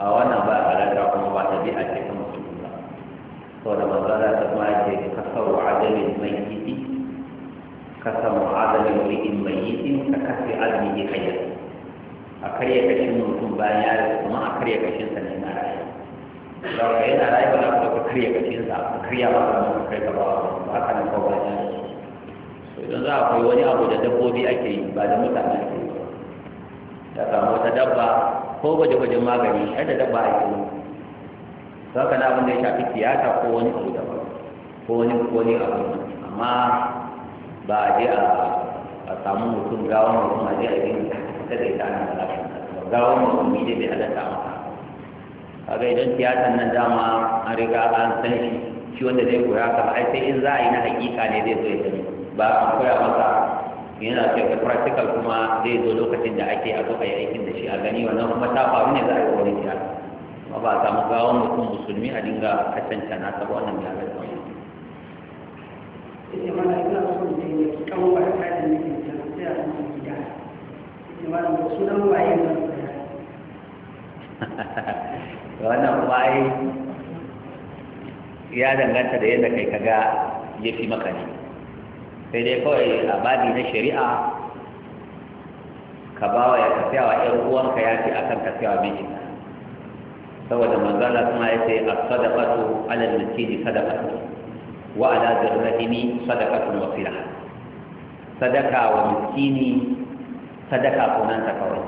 a wannan ba halarta kuma ba ta bi a kuma su ba to da manzara ta kuma ce wa adalin mai yiti wa adalin ri'in mai yiti ka kashe azumi hayyar a karya kashin mutum bayan ya rasu kuma a karya kashin sa ne na rayu da ka yana rayu ba na ka karya kashin sa ka karya ba ka ka kai ka ba ba ka na kawai ba idan za a koyi wani abu da dabbobi ake yi ba da mutane ake yi ta samu wata dabba ko gwaje-gwajen magani har da dabba a cikin za ka na abin da ya shafi tiyata ko wani abu da ko wani wani abu amma ba a je a samu mutum gawon mutum a je a yi ta da ita ana da gawon mutum ne bai halatta maka kaga idan tiyatan nan dama an riga an san shi shi wanda zai koya ka ai sai in za a yi na hakika ne zai zo ya sani ba a koya maka. yana da practical kuma zai zo lokacin da ake a zo a yi aikin da shi a gani wannan kuma ta faru ne za a yi wani jiya kuma ba a samu gawon mutum musulmi a dinga kasanta na sabo wannan ya ga tsawon ina da yi kawo wannan waye ya danganta da yadda kai kaga ya fi maka ne sai dai kawai a na shari'a ka bawa ya tafiyawa ‘yan uwanka ya ce akan tafiyawa mijinka saboda manzala suna ya ce a sadakatu alal masjidi sadakatu wa ala zarrahimi sadakatun wasila sadaka wa miskini sadaka sunanta kawai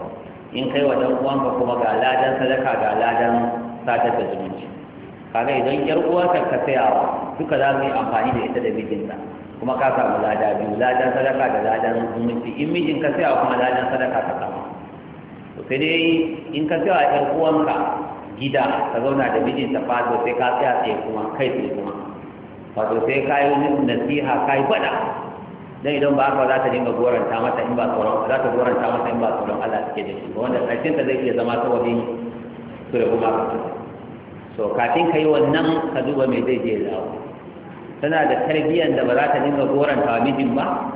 in kai wa ɗan uwanka kuma ga ladan sadaka ga ladan sadar da zumunci kaga idan yar uwanka ka sayawa duka za mu yi amfani da ita da mijinta kuma ka samu lada biyu ladan sadaka da ladan zumunci in mijin ka sayawa kuma ladan sadaka ka sama to sai dai in ka sayawa ɗan uwanka gida ka zauna da mijin ta fato sai ka tsaya tsaye kuma kai tsaye kuma fato sai ka yi nasiha ka yi faɗa dan idan ba haka za ta dinga goranta mata in ba tsoron za ta goranta mata in ba tsoron Allah take da shi wanda ƙarshen ta zai iya zama sababin su da kuma so kafin ka yi wannan ka duba me zai je dawo tana da tarbiyyar da ba za ta dinga goranta mijin ba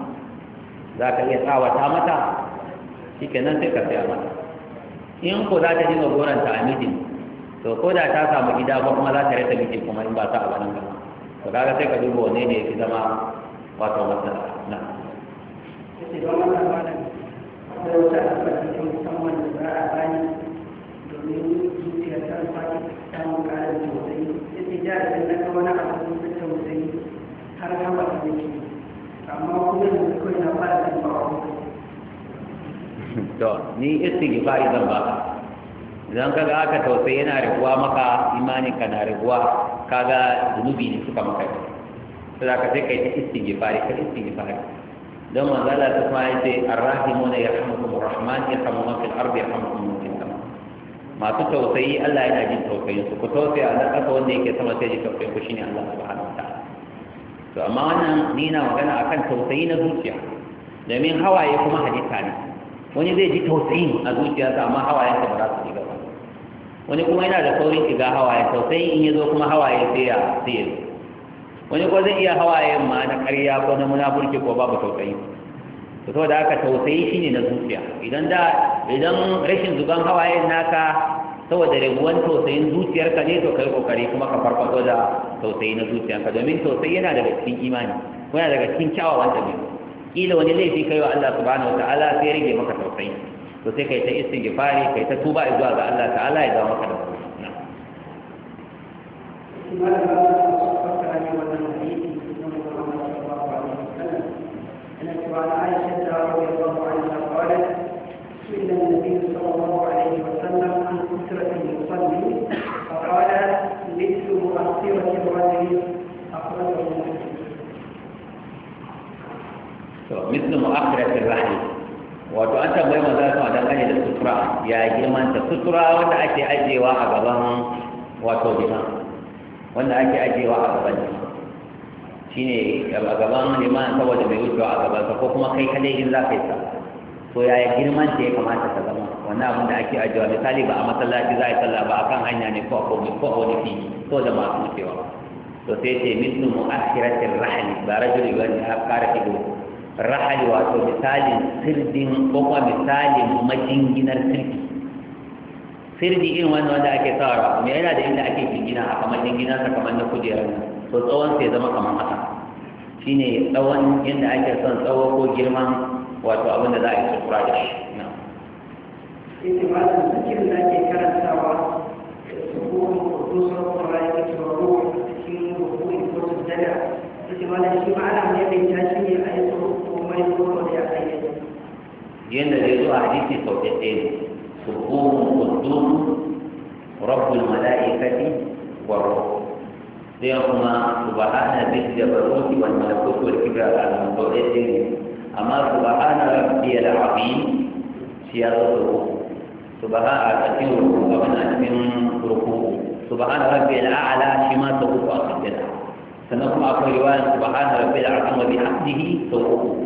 za ka iya tsawata mata shi nan sai ka saya mata in ko za ta dinga goranta a mijin to ko da ta samu gida ba kuma za ta rasa mijin kuma in ba ta a wani gama to kaga sai ka duba wanne ne ya fi zama wato wata na domin zuciyar ta fadi ta mun ƙarar tausayi sai ta jihar da na kawo na abu ta tausayi har ya ba da yake amma kuma yanzu kawai na fara da ba to ni istighfari zan ba idan kaga aka tausayi yana riguwa maka imanin ka na riguwa kaga zunubi ne suka maka sai ka sai kai istighfari kai istighfari don manzo Allah ta kuma yace arrahimuna yarhamukumur rahman yarhamukum fil ardi yarhamukum fis sama masu tausayi Allah yana jin tausayin su ku tausaya na kasa wanda yake sama sai ji tausayin ku shine Allah subhanahu wa ta'ala to amma wannan ni na magana akan tausayi na zuciya domin hawaye kuma hadisa ne wani zai ji tausayin a zuciyarsa amma ta ba za su shiga ba wani kuma yana da saurin shiga hawaye tausayin in ya zo kuma hawaye sai ya sai ya wani ko zai iya hawayen ma na ƙarya ko na munafurci ko babu tausayi to saboda haka tausayi shine na zuciya idan da idan rashin zuban hawaye naka saboda rabuwan tausayin zuciyarka ne to kai kokari kuma ka farfado da tausayi na zuciyarka domin tausayi yana daga cikin imani ko yana daga cikin kyawawan dabi'u kila wani laifi kai wa Allah subhanahu wataala sai rage maka tausayi to sai kai ta istighfari kai ta tuba zuwa ga Allah ta'ala ya zama maka da tausayi to mislu mu'akhiratir rahim wato an tambayi maza su a dangane da sutura ya girman ta sutura wanda ake ajewa a gaban wato liman wanda ake ajewa a gaban liman shine a gaban liman saboda bai wuce a gaban sa ko kuma kai kadai in za ka yi sa to yaya girman ta ya kamata ka zama wannan abin da ake ajewa misali ba a masallaci za a yi sallah ba a kan hanya ne ko a komai ko a wani fili ko da masu wucewa to sai ce mislu mu'akhiratir rahim ba rajuli wanda har kare ido rahali wato misalin sirdin ko kuma misalin majinginar sirdi sirdi irin wannan wanda ake sawa rakumi yana da inda ake jingina a kamar jinginar sa kamar na kujera to tsawon sai zama kamar haka shine tsawon yadda ake son tsawo ko girman wato abin da za a yi sufura da shi Ini malam zikir lagi kerana sawah Subuh, kudus, rakyat, ruh, kini, ruh, ikut, sedara Ini malam si malam yang mencari ko ya kai yanda da yazo a hadisi sau da ɗaya subhun qudus rabbul malaikati wa ruh dia kuma subhana bil jabarut wal malakut wal kibra al mutawallit amma subhana rabbiyal azim siyatu subhana kathirun wa min ruku subhana rabbiyal a'la shima tawqa qadda sanakuma akwai riwayat subhana rabbil azim wa bihamdihi tawqa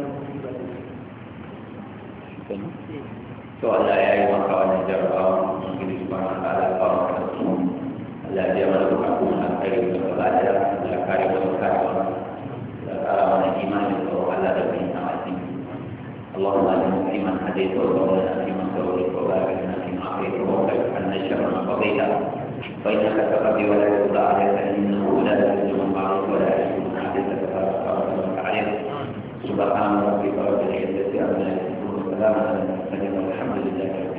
sani to Allah ya yi maka wannan jarabawa ubangiji subhanahu wa ta'ala ba maka da su Allah ya mana duka kuma na kare da kare mu daga Wani da kara mana imani da tsoro Allah da bin وسلام على المرسلين لله رب